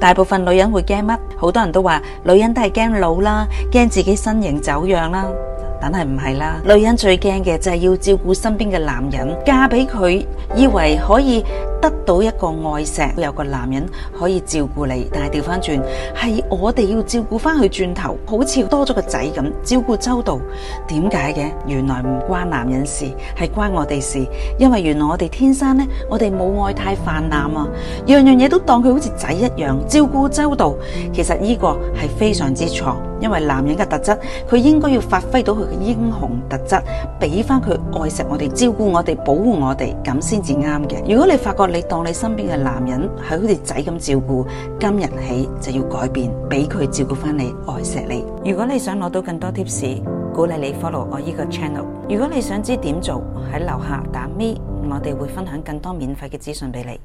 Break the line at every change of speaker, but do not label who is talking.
大部分女人會驚乜？好多人都話，女人都係驚老啦，驚自己身形走樣啦，但係唔係啦，女人最驚嘅就係要照顧身邊嘅男人，嫁俾佢，以為可以。得到一個愛錫，會有個男人可以照顧你，但係調翻轉係我哋要照顧翻佢轉頭，好似多咗個仔咁照顧周到。點解嘅？原來唔關男人事，係關我哋事。因為原來我哋天生咧，我哋冇愛太泛濫啊，樣樣嘢都當佢好似仔一樣照顧周到。其實呢個係非常之錯，因為男人嘅特質，佢應該要發揮到佢嘅英雄特質，俾翻佢愛錫我哋照顧我哋，保護我哋，咁先至啱嘅。如果你發覺，你當你身邊嘅男人係好似仔咁照顧，今日起就要改變，俾佢照顧返你，愛錫你。 如果你想攞到更多貼士，鼓勵你 follow 我呢個 channel。如果你想知點做，喺樓下打 me，
我哋會分享更多免費嘅資訊俾你。